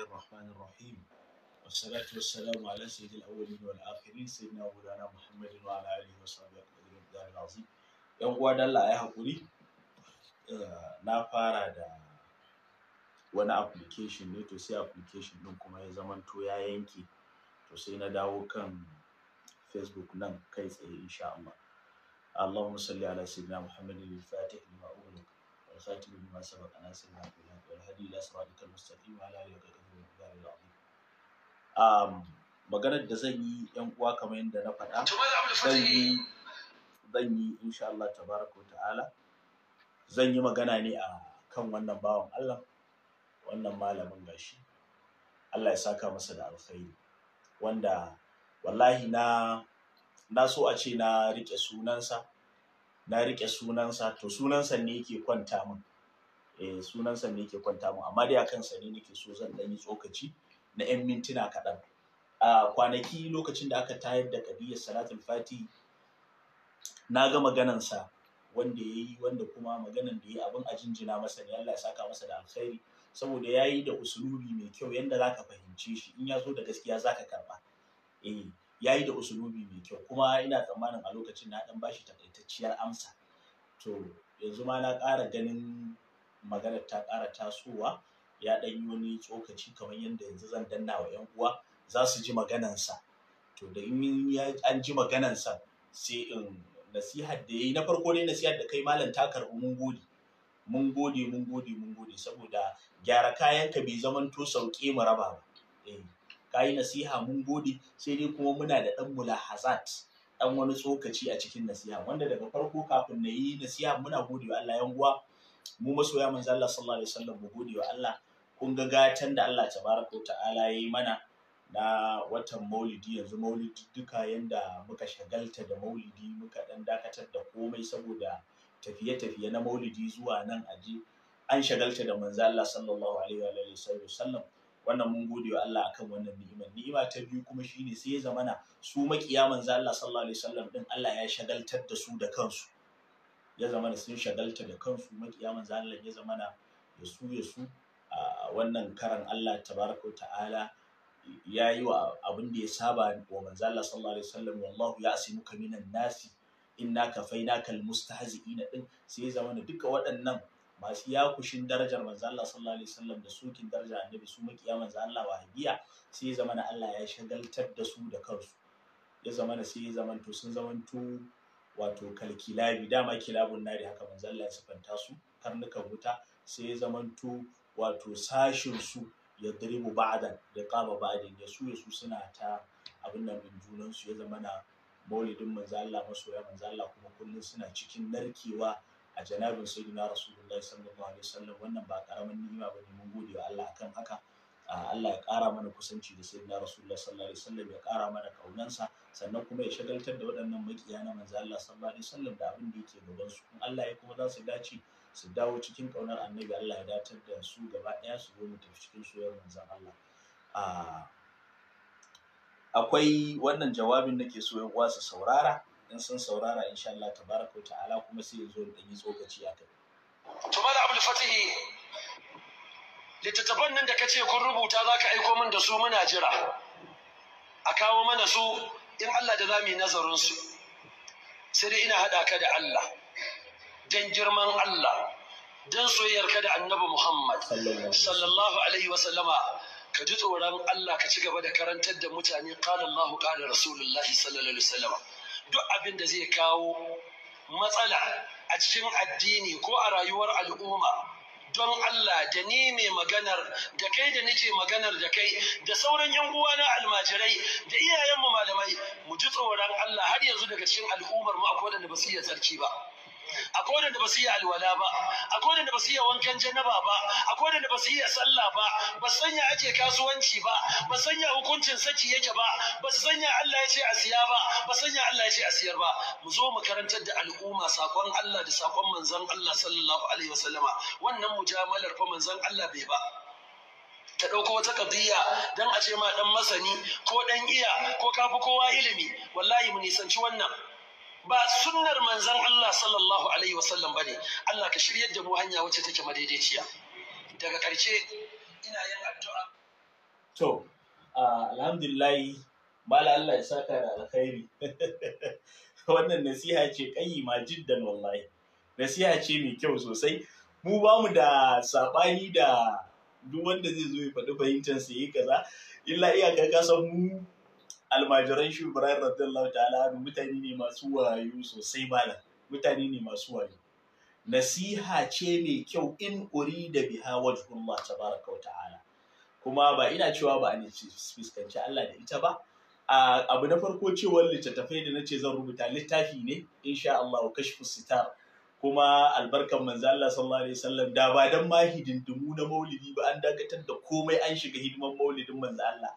الله الرحمن الرحيم والصلاة والسلام على سيد الأولين والآخرين سيدنا مولانا محمد وعلى آله وصحبه أجمعين الدار العظيم yan uwa da Allah ya haƙuri na fara da wani application ne to sai application ɗin kuma ya zamanto ya yanke to sai na dawo kan facebook nan kai tsaye insha Allah اللهم صل على سيدنا محمد الفاتح لما أغلق والخاتم لما سبق ناصر الحق والهدي إلى صراطك المستقيم وعلى آله وصحبه Um, maganar da zan yi yan uwa kamar yadda na faɗa zan yi zan yi insha Allah tabaraka ta'ala zan yi magana ne a kan wannan bawan Allah wannan malamin gashi Allah ya saka masa da alkhairi wanda wallahi na na so a ce na riƙe sunansa na rike sunansa to sunansa ne yake kwanta min eh sunansa ne ke kwanta mu amma dai akan sa ne nake so zan dan yi tsokaci na yan mintuna kaɗan a kwanaki lokacin da aka tayar da kabiya salatul fati na ga maganansa wanda ya yi wanda kuma maganan da ya yi abin a jinjina masa ne Allah ya saka masa da alkhairi saboda ya yi da usulubi mai kyau yadda za ka fahimce shi in ya zo da gaskiya za ka karba eh ya yi da usulubi mai kyau kuma ina tsammanin a lokacin na dan bashi takaitacciyar amsa to yanzu ma na ƙara ganin maganar ta ƙara tasowa ya ɗan yi wani tsokaci kamar yadda yanzu zan danna wa 'yan uwa za su ji maganansa to da in an ji maganansa sai in nasihar da ya yi na farko ne nasihar da kai malam ta karɓi mun gode mun gode mun gode mun gode saboda gyara kayanka bai zaman to sauƙe mu raba ba eh ka yi nasiha mun gode sai dai kuma muna da ɗan mula mulahazat ɗan wani tsokaci a cikin nasiha wanda daga farko kafin na yi nasiha muna gode wa Allah yan uwa mu masoya manzo Allah sallallahu alaihi wasallam mu gode wa Allah kun ga gatan da Allah tabaraka ta'ala yi mana na watan maulidi yanzu maulidi duka yanda muka shagalta da maulidi muka dan dakatar da komai saboda tafiye-tafiye na maulidi zuwa nan aji an shagalta da manzo Allah sallallahu alaihi wa sallam wannan mun gode wa Allah akan wannan ni'imar ni'ima ta biyu kuma shine sai ya zamana su makiya manzo Allah sallallahu alaihi wasallam din Allah ya shagaltar da su da kansu ya zama da sun shagalta da kansu makiya manzo Allah ya zama da su ya su a wannan karan Allah tabaraka wa ta'ala ya yi wa abin da ya saba wa manzo Allah sallallahu alaihi wasallam wallahu asimu minan nasi inna kafainaka almustahzi'ina din sai ya zama da duka waɗannan masu ya kushin darajar manzo Allah sallallahu alaihi wasallam da sukin daraja annabi su makiya manzo Allah wahabiya sai ya zama Allah ya shagaltar da su da kansu ya zama sai ya zama to sun zama to wato kalkilabi dama kilabun nari haka manzo Allah ya sifanta su karnukan wuta sai ya zamanto wato sashin su ya dribu ba'dan da ƙaba ba'din ya su su suna ta abin nan din junan su ya zama na maulidin manzo masoya manzo Allah kuma kullun suna cikin narkewa a janabin sayyidina rasulullahi sallallahu alaihi wasallam wannan ba karamin ni'ima bane mun gode wa Allah akan haka ah, Allah ya ƙara mana kusanci da sayyidina rasulullahi sallallahu alaihi wasallam ya ƙara mana kaunansa sannan kuma ya shagaltar da waɗannan makiya na manzo Allah sallallahu alaihi wasallam da abin da yake gaban su in Allah ya kuma za su dace su dawo cikin ƙaunar annabi Allah ya datar da su gaba ɗaya su zo mu tafi cikin soyayyar manzon Allah akwai wannan jawabin nake so yan uwa su saurara in sun saurara insha Allah tabaraka wa ta'ala kuma sai ya da yi tsokaci a kai to mala abul fatihi littattafan nan da kace kun rubuta zaka aiko min da su muna jira a kawo mana su in Allah da za mu yi nazarinsu, sai dai ina haɗa ka da Allah don girman Allah don soyayyar ka da annabi Muhammad sallallahu alaihi wa sallama ka ji tsoron Allah ka ci gaba da karantar da mutane qala Allahu qala rasulullahi sallallahu alaihi wa sallama duk abin da zai kawo matsala a cikin addini ko a rayuwar al'umma don Allah da ni mai maganar da kai da nake maganar da kai da sauran yan uwa na almajirai da iyayenmu malamai mu ji tsoron Allah har yanzu daga cikin al'ummar mu akwai wanda ba su iya tsarki ba akwai wadanda ba su iya alwala ba akwai wadanda ba su iya wankan janaba ba akwai wadanda ba su iya sallah ba ba su sanya ake kasuwanci ba ba su sanya hukuncin saki yake ba ba su sanya Allah ya ce a siya ba ba su sanya Allah ya ce a siyar ba mu zo mu karantar da al'umma sakon Allah da sakon manzon Allah sallallahu alaihi wasallama wannan mujamalar fa manzon Allah bai ba ta ɗauko wata kadiyya don a ce ma ɗan masani ko ɗan iya ko kafi kowa ilimi wallahi mu nisanci wannan ba sunnar manzon Allah sallallahu alaihi wasallam bane Allah ka shiryar da mu hanya wacce take madaidaiciya daga ƙarshe ina yin addu'a to alhamdulillah mala Allah ya saka da alkhairi wannan nasiha ce ma jiddan wallahi nasiha ce mai kyau sosai mu ba mu da saɓani da duk wanda zai zo ya faɗi fahimtar ya yi kaza illa iya ka mu almajiran shi ibrahim radiyallahu ta'ala mutane ne masu wayo sosai bala mutane ne masu wayo nasiha ce mai kyau in uri da biha wajhullah tabaraka ta'ala kuma ba ina cewa ba ne fuskanci Allah da ita ba abu na farko cewar littattafai da nace zan rubuta littafi ne insha Allah kashfu sitar kuma albarkan manzo Allah sallallahu alaihi wasallam da ba dan mahidin hidindimu na maulidi ba an dakatar da komai an shiga hidiman maulidin manzo Allah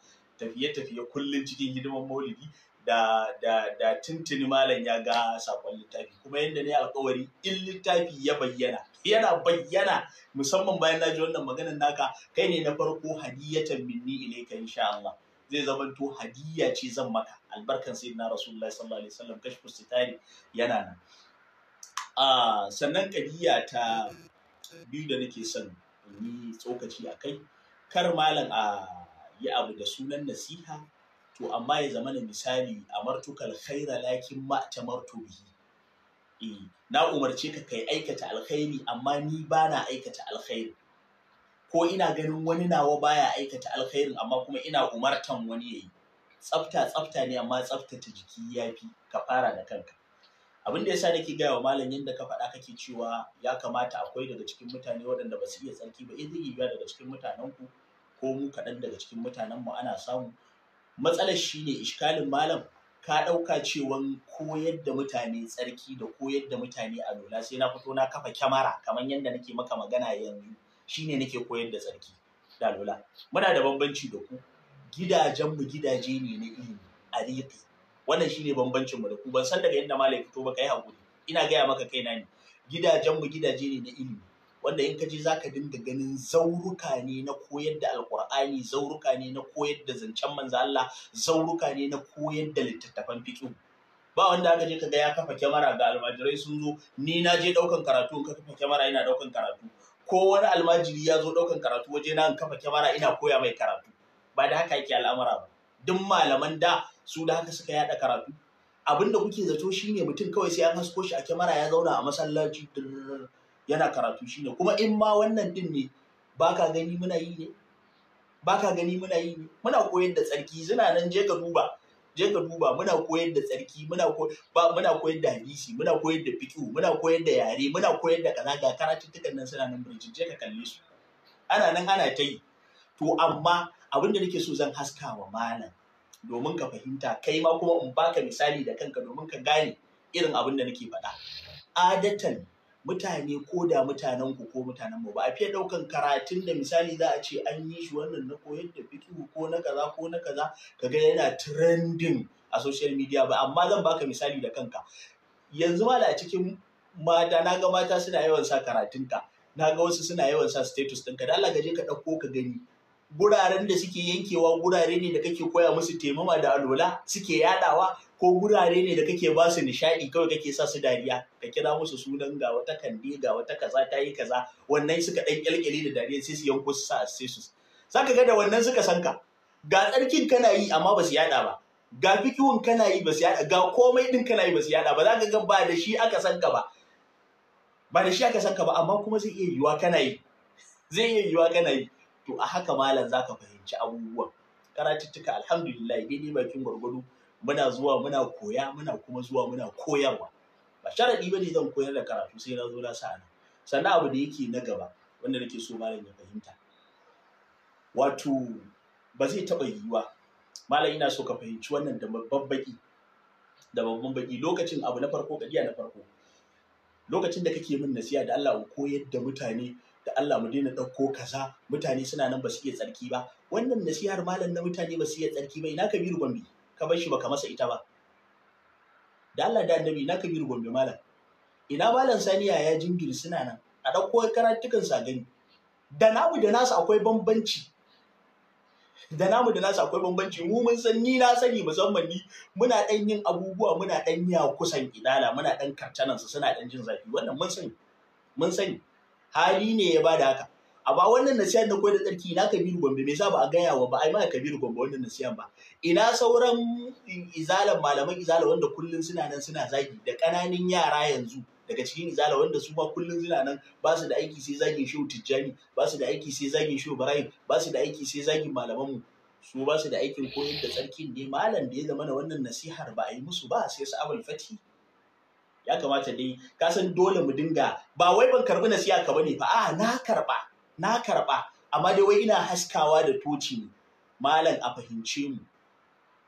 tafiye-tafiye kullum cikin hidimar maulidi da tuntuni malam ya ga sakon littafi kuma yadda ne alkawari in littafi ya bayyana yana bayyana musamman bayan na ji wannan maganar naka kai ne na farko hadiyatan minni ilaika insha Allah zai zama to hadiyya ce zan maka albarkan sai na rasulullahi sallallahu alaihi wasallam kashfu sitari yana nan a sannan kadiya ta biyu da nake son yi tsokaci a kai kar malam a yi abu da sunan nasiha to amma ya zama na misali a martukal khaira lakin ma ta martubihi eh na umarce ka kai aikata alkhairi amma ni bana na aikata alkhairi ko ina ganin wani nawa baya aikata alkhairin amma kuma ina umartan wani yayi tsafta tsafta ne amma tsaftace jiki yafi ka fara da kanka abin da yasa nake gaya wa malam yadda ka faɗa kake cewa ya kamata akwai daga cikin mutane waɗanda ba su iya tsarki ba idan eh, zai daga cikin mutanen ku ko mu kaɗan daga cikin mutanen mu ana samu matsalar shi ne ishkalin malam ka ɗauka cewan koyar da mutane tsarki da koyar da mutane alola sai na fito na kafa kyamara kamar yadda nake maka magana yanzu shine nake koyar da tsarki da alola muna da bambanci da ku gidajenmu gidaje ne na ilimi a riƙi wannan shine bambancin mu da ku ban san daga yadda malai fito ba yi hakuri ina gaya maka kaina ne gidajenmu gidaje ne na ilimi wanda in ka je za ka dinga ganin zauruka ne na koyar da alkur'ani zauruka ne na koyar da zancen manzo Allah zauruka ne na koyar da littattafan fiqh ba wanda aka je ka ga ya kafa kyamara ga almajirai sun zo ni na je daukan karatu ka kafa kyamara ina daukan karatu ko wani almajiri ya zo ɗaukan karatu waje na in kafa kyamara ina koya mai karatu ba da haka yake al'amura ba duk malaman da su da haka suka yada karatu abinda kuke zato shine mutum kawai sai an hasko shi a kyamara ya zauna a masallaci yana karatu shine kuma in ma wannan din ne baka gani muna yi ne baka gani muna yi ne muna koyar da tsarki suna nan je ka duba je ka duba muna koyar da tsarki muna ba muna koyar da hadisi muna koyar da fiqh muna koyar da yare muna koyar da kaza ga karatuttukan nan suna nan burjin je ka kalle su ana nan ana ta yi to amma abin da nake so zan haska wa malam domin ka fahimta kai ma kuma in baka misali da kanka domin ka gane irin abin da nake faɗa adatan mutane ko da mutanen ku ko mutanen mu ba a fiye ɗaukan karatun da misali za a ce an yi shi wannan na koyar da fikihu ko na kaza ko na kaza kaga yana trending a social media ba amma zan baka misali da kanka yanzu ma da a cikin mata na ga mata suna yawan sa karatun ka, na ga wasu suna yawan sa status ka da Allah ka je ka ɗauko ka gani guraren da suke yankewa gurare ne da kake koya musu temama da alwala suke yaɗawa? ko wurare ne da kake ba su nishaɗi kawai kake sa su dariya ka kira musu sunan ga wata kande ga wata kaza ta yi kaza wannan suka ɗan ƙyalƙyali da dariya sai su yanko su sa Za ka ga da wannan suka san ka ga tsarkin kana yi amma ba su yaɗa ba ga fikiwun kana yi ba su yaɗa. ga komai ɗin kana yi ba su yaɗa ba Za ka ga ba da shi aka san ka ba ba da shi aka san ka ba amma kuma zai iya yiwuwa kana yi zai iya yiwuwa kana yi to a haka malam za ka fahimci abubuwan karatuttuka alhamdulillah daidai bakin gwargwado muna zuwa muna koya muna kuma zuwa muna koyarwa ba sharadi ba ne zan koyar da karatu sai na zo na sa nan sannan abu da yake na gaba wanda nake so malam ya fahimta wato ba zai taba yiwuwa malam ina so ka fahimci wannan da babban baki da babban baki lokacin abu na farko kadiya na farko lokacin da kake min nasiya da Allah ku koyar da mutane da Allah mu daina ɗauko kaza mutane suna nan ba su iya tsarki ba wannan nasihar malam na mutane ba su iya tsarki ba ina kabiru gombe ka bar shi baka masa ita ba da Allah da annabi na kabiru gombe malam ina malam saniya ya jingiri suna nan a dauko karatukan sa gani da namu da nasu akwai bambanci da namu da nasu akwai bambanci mu mun san ni na sani musamman ni muna ɗan yin abubuwa muna ɗan yi kusan idala muna dan karcanan suna ɗan jin zafi wannan mun sani mun sani hali ne ya bada haka amma wannan nasiyan da koyar da tsarki ina kabiru gombe me sa ba a gaya wa ba ai ma kabiru gombe wannan nasiyan ba ina sauran izalan malaman izala wanda kullun suna nan suna zagi da kananan yara yanzu daga cikin izala wanda su ba kullun suna nan ba su da aiki sai zagin shehu tijjani ba su da aiki sai zagin shehu ibrahim ba su da aiki sai zagin malaman mu su ba su da aikin koyar da tsarkin ne malam da ya zama na wannan nasihar ba a yi musu ba sai su abul fati ya kamata dai ka san dole mu dinga ba wai ban karbi nasiha ka bane ba a na karba na karɓa amma dai wai ina haskawa da toci ne malam a fahimce mu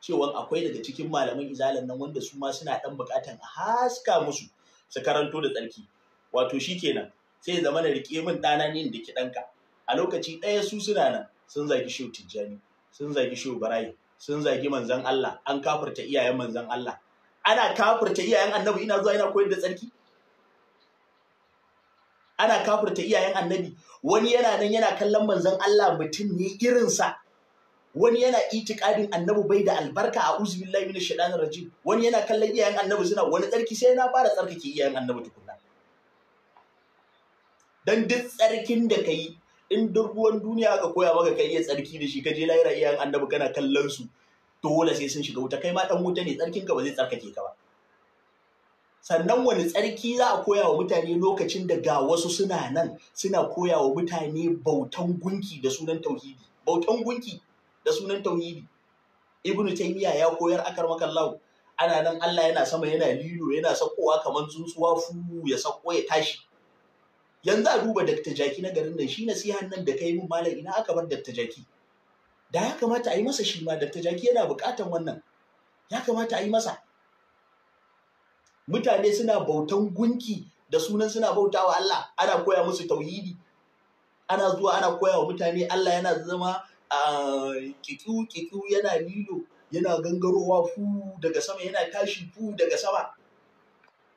cewa akwai daga cikin malaman izalan nan wanda su ma suna ɗan bukatan a haska musu su karanto da tsarki wato shi kenan, sai zama na rike min ɗana ne da kiɗanka a lokaci ɗaya su suna nan sun zagi shehu tijjani sun zagi shehu barayi sun zagi manzon Allah an kafirta iyayen manzan Allah ana kafirta iyayen annabi ina zuwa ina koyar da tsarki ana kafirta iyayen annabi wani yana nan yana kallon manzon Allah mutum ne irinsa wani yana itikadin annabi bai da albarka a uzubillahi minash shaitanir rajim wani yana kallon iyayen annabi suna wani tsarki sai na fara tsarkake iyayen annabi tukunna dan duk tsarkin da kai in duk ruwan duniya aka koya maka kai iya tsarki da shi ka je lahira iyayen annabi kana kallon su dole sai sun shiga wuta kai ma dan wuta ne tsarkin ka ba zai tsarkake ka ba sannan wani tsarki za a koya wa mutane lokacin da ga wasu suna nan suna koya wa mutane bautan gunki da sunan tauhidi bautan gunki da sunan tauhidi ibnu taymiya ya koyar akar makallahu ana nan Allah yana sama yana lilo yana sakowa kamar tsuntsuwa fu ya sako ya tashi yanzu a duba Dr. Jaki na garin nan shi nasihan nan da kai mun malam ina aka bar Dr. Jaki da ya kamata a yi masa shi ma Dr. Jaki yana bukatan wannan ya kamata a yi masa mutane suna bautan gunki da sunan suna bauta wa Allah ana koya musu tauhidi ana zuwa ana koya wa mutane Allah yana zama a kitu kitu yana lilo yana gangarowa fu daga sama yana tashi fu daga sama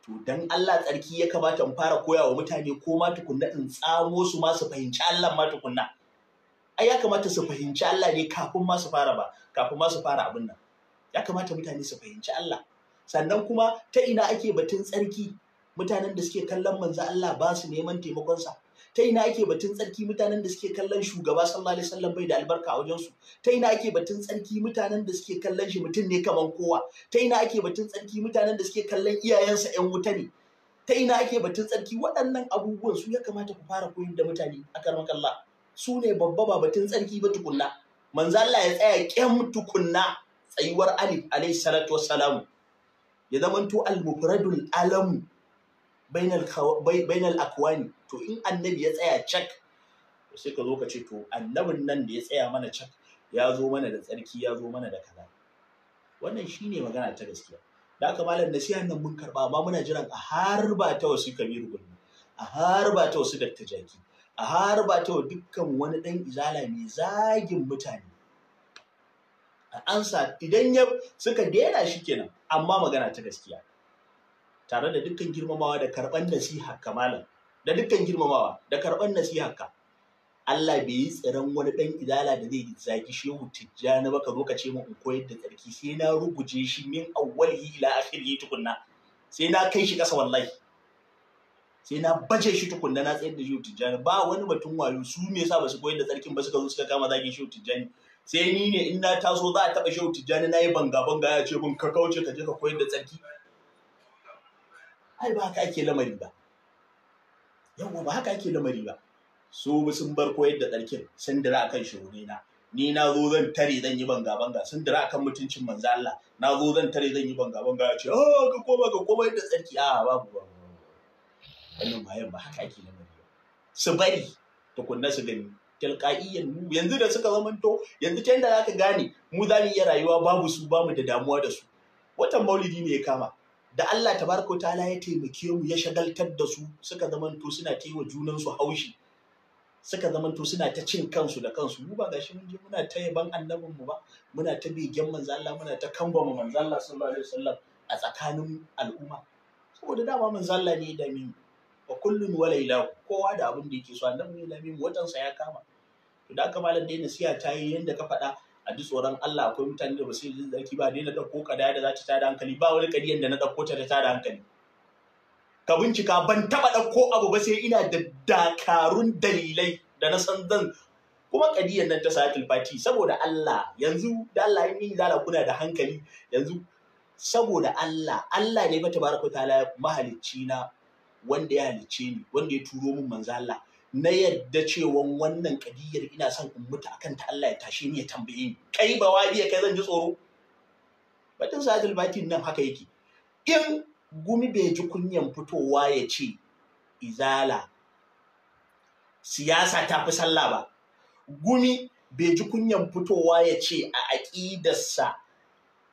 to dan Allah tsarki ya kamata mu fara koya wa mutane ko ma tukunna in tsamo su ma su fahimci Allah ma tukunna ai ya kamata su fahimci Allah ne kafin ma su fara ba kafin ma su fara abin nan ya kamata mutane su fahimci Allah sannan kuma ta ina ake batun tsarki mutanen da suke kallon manzo Allah ba su neman taimakonsa ta ina ake batun tsarki mutanen da suke kallon shugaba sallallahu alaihi wasallam bai da albarka a su? ta ina ake batun tsarki mutanen da suke kallon shi mutum ne kaman kowa ta ina ake batun tsarki mutanen da suke kallon iyayensa yan wuta ne ta ina ake batun tsarki waɗannan abubuwan su ya kamata ku fara koyar da mutane a karmakalla su ne babba ba batun tsarki ba tukunna manzo Allah ya tsaya kyan tukunna tsayuwar Ali alaihi salatu wassalamu ya zamanto al-mufradul alamu bainal akwani to in annabi ya tsaya cak sai ka zo ka ce to annabin nan da ya tsaya mana cak ya zo mana da tsarki ya zo mana da kaza wannan shine magana ta gaskiya da aka malam nasiha nan mun karba ba muna jiran a har ba ta wasu kabiru gulmi a har ba ta wasu dakta jaki a har ba ta dukkan wani dan izala mai zagin mutane ka ansa idan ya suka daina shi kenan amma magana ta gaskiya tare da dukkan girmamawa da karban nasiha kamalan da dukkan girmamawa da karban nasiha ka Allah bai yi tsaron wani dan idala da zai zaki shehu tijjani ba ka zo ka mu in koyar da tsarki sai na rubuje shi min awwalihi ila akhirihi tukunna sai na kai shi kasa wallahi sai na bace shi tukunna na tsayar da shehu tijjani ba wani batun wayo su me yasa ba su koyar da tsarkin ba suka zo suka kama zagin shehu tijjani sai ni ne in na taso za a taɓa shehu tijjani na yi banga-banga ya ce mun ka kauce ka je ka koyar da tsarki ai ba haka ake lamari ba yawwa ba haka ake lamari ba su sun bar koyar da tsarkin sun dira kan shehu na ni na zo zan tare zan yi banga banga sun dira kan mutuncin manzo Allah na zo zan tare zan yi banga banga ya ce "Oh ka koma ka koma yadda tsarki ah, a babu ba wannan ba haka ake lamari ba su bari tukunna su gani mu yanzu da suka zamanto yanzu ta yadda zaka gane mu za mu iya rayuwa babu su bamu da damuwa da su watan maulidi ne ya kama da Allah tabaraka ta'ala ya taimake mu ya shagaltar da su suka zamanto suna ta yi wa junansu haushi suka zamanto suna ta cin kansu da kansu mu ba gashi mun je muna ta yaban annabin mu ba muna ta begen manzo Allah muna ta kambama manzo Allah sallallahu alaihi wasallam a tsakanin al'umma saboda dama manzo Allah ne ya dame mu wa kullun wala ilahu kowa da abin da yake so annabi ne dame mu watan sa ya kama da aka malam dai nasiha ta yi yanda ka faɗa a ji tsoron Allah akwai mutane da basu yi zarki ba dai na ɗauko ka da za ta tada hankali ba wani kadiyan da na ɗauko ta tada hankali ka bincika ban taɓa ɗauko abu ba sai ina da dakarun dalilai da na san zan kuma kadiyan nan ta sayatul fati saboda Allah yanzu da Allah in yi zala kuna da hankali yanzu saboda Allah Allah ne ba tabaraka ta'ala mahalicci na wanda ya halicce ni wanda ya turo min manzo Allah na yadda cewan wannan kadiyar ina son in mutu akan ta Allah ya tashe ni ya tambaye ni kai ba wadiya kai zan ji tsoro batun sajil batin nan haka yake in gumi bai ji kunyan fitowa ya ce izala siyasa ta fi sallah ba gumi bai ji kunyan fitowa ya ce a aƙidarsa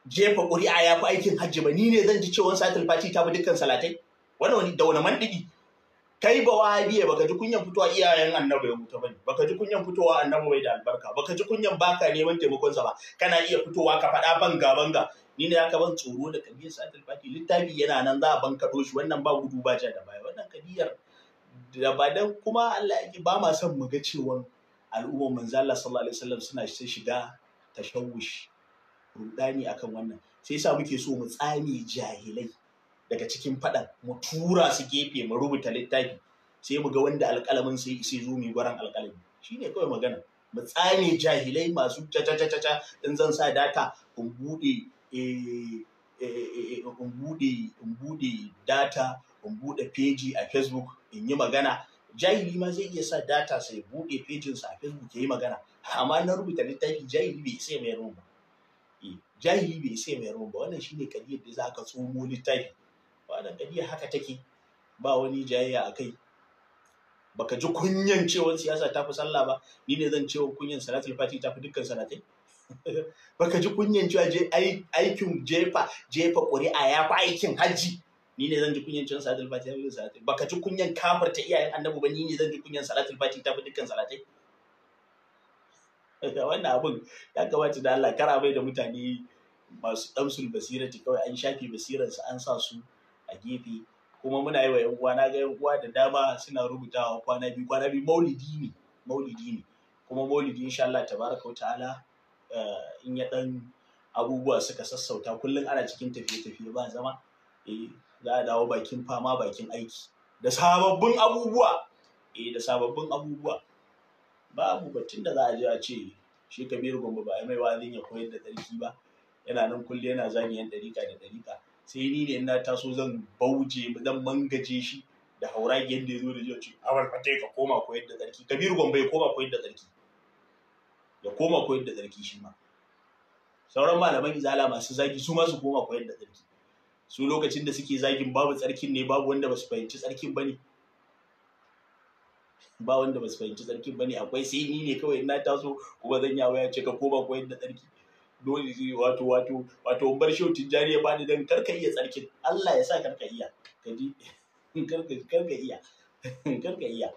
jefa ƙuri'a ya fi aikin hajji ba ni ne zan ji cewan sajil fati ta fi dukkan salatai wani da wani mandiki kai ba biya baka ji kunyan fitowa iyayen annabi ya huta bane baka ji kunyan fitowa annabi bai da albarka baka ji kunyan baka neman taimakon sa ba kana iya fitowa ka faɗa banga banga ni ne aka ban tsoro da kabiyar ta fati littafi yana nan za a ban kaɗo shi wannan ba gudu ba ja da baya wannan kabiyar da ba dan kuma Allah yake ba ma son mu ga cewa al'ummar manzo Allah sallallahu alaihi wasallam suna shiga tashawushi rudani akan wannan sai yasa muke so mu tsami jahilai daga cikin faɗan mu tura su gefe mu rubuta littafi sai mu ga wanda alƙalamin sai sai zo mu gwaran alƙalami shine kawai magana mu tsane jahilai masu ta ta ta ta in zan sa data in bude eh, eh, eh, in bude in bude data in bude page a Facebook in yi magana jahili ma zai iya sa data sai bude page sa a Facebook ya yi magana amma na rubuta littafi jahili bai sai mai rubuta jahili bai sai mai rubuta wannan shine kadiyar da zaka tsomo littafi wannan ɗabi'a haka take ba wani jayayya a kai baka ji kunyan cewar siyasa ta fi sallah ba ni ne zan cewa kunyan salatul fati ta fi dukkan salatai baka ji kunyan cewa je aikin jefa jefa ƙuri'a ya fi aikin hajji ni ne zan ji kunyan cewa salatul fati ta fi salatai baka ji kunyan ta iyayen annabi ba ni ne zan ji kunyan salatul fati ta fi dukkan salatai wannan abin ya kamata da Allah kara bai da mutane masu damsul basirati kawai an shafe basiransu an sa su gefe kuma muna yi wa yan uwa na ga yan uwa da dama suna rubutawa kwana biyu kwana biyu maulidi ne maulidi ne kuma maulidi insha Allah tabaraka ta'ala eh, in ya dan abubuwa suka sassauta kullum ana cikin tafiye-tafiye ba zama eh za a dawo bakin fama bakin aiki da sababbin abubuwa eh da sababbin abubuwa babu batun da za a je a ce shi kabiru gombe ba mai wazin ya koyar da tsarki ba yana nan kulle yana zagi yan dariƙa da ɗarika. sai ni ne ina taso zan bauje zan mangaje shi da haura yadda ya zo da jiya ce awal fate ka koma koyar da tsarki kabir gombe ya koma koyar da tsarki ya koma koyar da tsarki shi ma sauran malaman izala masu zagi su ma su koma koyar da tsarki su lokacin da suke zagin babu tsarkin ne babu wanda ba su fahimci tsarkin ba ne ba wanda ba su fahimci tsarkin ba ne akwai sai ni ne kawai na taso kuma zan yawo ya ce ka koma koyar da tsarki dole zai wato wato wato bar shehu tijjani ya bani dan karka iya tsarkin Allah ya sa karka iya kaji karka karka iya karka iya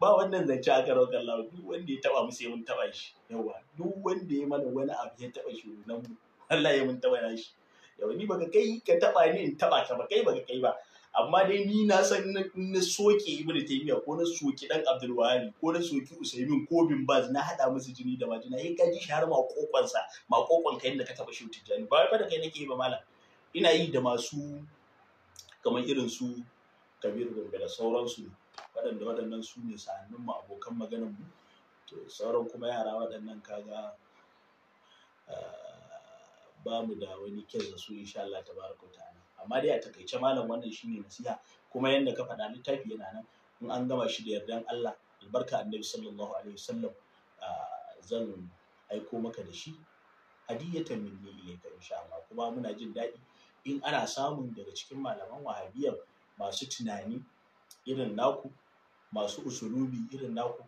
ba wannan zance aka rauka Allah duk wanda ya taba mu sai mun taba shi yawa duk wanda ya mana wani abu ya taba shi nan Allah ya mun taba shi yawa ni baka kai ka taba ni in taba ka ba kai baka kai ba amma dai ni na san na soke ibn taymiya ko na soki dan abdul ko na soki usaymin ko bin baz na hada musu jini da majina yin kaji shi har ma kokon sa ma kokon kai da ka taba shi tijani ba fa da kai nake yi ba malam ina yi da masu kamar irin su kabir gombe da sauransu waɗanda waɗannan su ne sa'annin mu abokan maganar mu to sauran kuma yara waɗannan kaga ah, ba mu da wani kyau da su insha Allah tabaraka ta'ala amma dai a takaice malam wannan shine nasiha kuma yanda ka faɗa littafi yana nan in an gama shi da yardan Allah albarka annabi sallallahu alaihi wasallam zan aiko maka da shi hadiyatan minni ilayka insha Allah kuma muna jin daɗi in ana samun daga cikin malaman wahabiyan masu tunani irin naku masu usulubi irin naku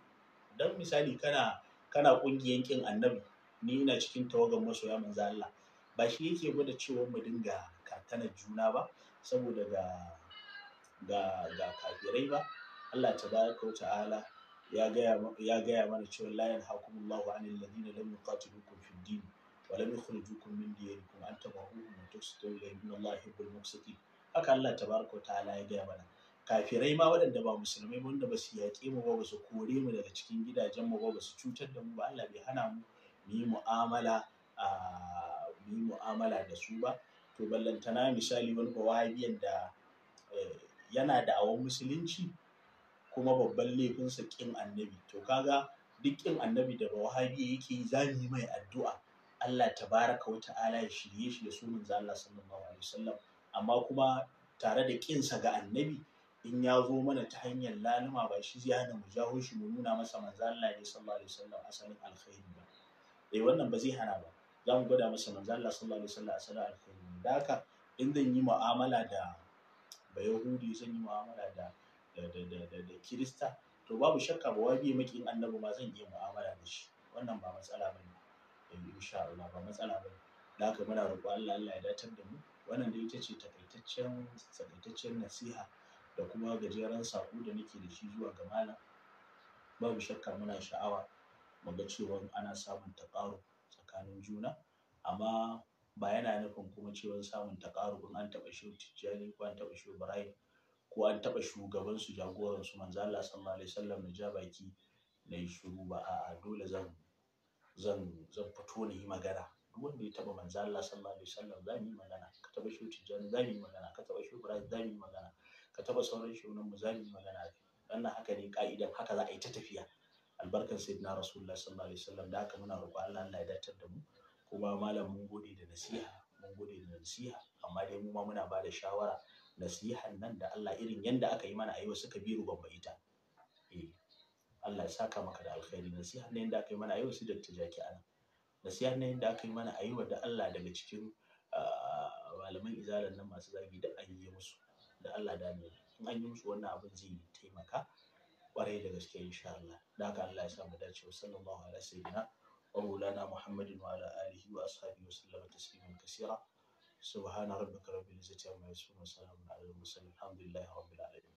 dan misali kana kana kungiyan kin annabi ni ina cikin tawagan masoya manzo Allah ba shi yake gwada cewa mu dinga karkanar juna ba saboda ga ga ga kafirai ba Allah baraka wa ta'ala ya gaya ya mana cewa la yanhaqumullahu 'anil ladina lam yuqatilukum fid din wa lam yukhrijukum min diyarikum an tabahuhum wa tuqsitu ilayhim Allah yuhibbul muqsitin haka Allah tabaraka wa ta'ala ya gaya mana kafirai ma waɗanda ba musulmai ba wanda ba su yaƙe mu ba ba su kore mu daga cikin gidajen mu ba ba su cutar da mu ba Allah bai hana mu mu yi mu'amala a ah, yi mu'amala da su ba to ballantana misali wani wahabiyan da eh, yana da awon musulunci kuma babban laifinsa ƙin annabi to kaga duk ƙin annabi da wahabi yake yi zami mai addu'a Allah tabaraka wa ta'ala ya shirye shi da sunan Allah sallallahu alaihi wasallam amma kuma tare da ƙinsa ga annabi in ya zo mana ta hanyar laluma ba shi zai hana mu jawo shi mu nuna masa manzo Allah ne sallallahu alaihi wasallam asalin alkhairi ba eh wannan ba zai hana ba za mu gwada masa manzo Allah sallallahu alaihi wasallam alkhairi da haka in zan yi mu'amala da bayahudi zan yi mu'amala da da da kirista to babu shakka ba wabi in annabi ma zan yi mu'amala da shi wannan ba matsala bane eh, insha Allah ba matsala bane da haka muna roƙo Allah Allah ya datar da mu wannan da ita ce takaitaccen takaitaccen nasiha da kuma gajeren sako da nake da shi zuwa ga malam babu shakka muna sha'awa mu ga cewa ana samun taƙaro tsakanin juna amma ba yana nufin kuma cewa samun takarubin an taɓa shi tijjani ko an taɓa shi ibrahim ko an taɓa shugaban su jagoran su manzo Allah sallallahu alaihi wasallam na ja baki na yi shiru ba a'a dole zan zan zan fito na yi magana duk wanda ya taɓa manzo Allah sallallahu alaihi wasallam za mu yi magana ka taɓa shi tijjani za mu yi magana ka taɓa shi ibrahim za mu yi magana ka taɓa sauran shugaban mu za mu yi magana wannan haka ne ka'idan haka za a yi ta tafiya albarkar sayyidina rasulullah sallallahu alaihi wasallam da aka muna roƙo Allah Allah ya datar da mu kuma malam mun gode da nasiha mun gode da nasiha amma dai mu ma muna ba da shawara nasihan nan da Allah irin yanda aka yi mana ayyuka suka biro ban ita eh Allah ya saka maka da alkhairi Nasiha nan yanda aka yi mana ayyuka su da tijaki ana Nasiha nan yanda aka yi mana ayyuka da Allah daga cikin ah, malaman izalan nan masu zagi da an yi musu da Allah da ne in an yi musu wannan abin zai taimaka kwarai da gaske insha Allah da haka Allah ya sa mu dace wa sallallahu alaihi wa maulana muhammadin wa ala alihi wa ashabihi wa sallama tasliman kaseera subhana rabbika rabbil izzati amma yasifun wa salamun ala al mursalin alhamdulillahi rabbil alamin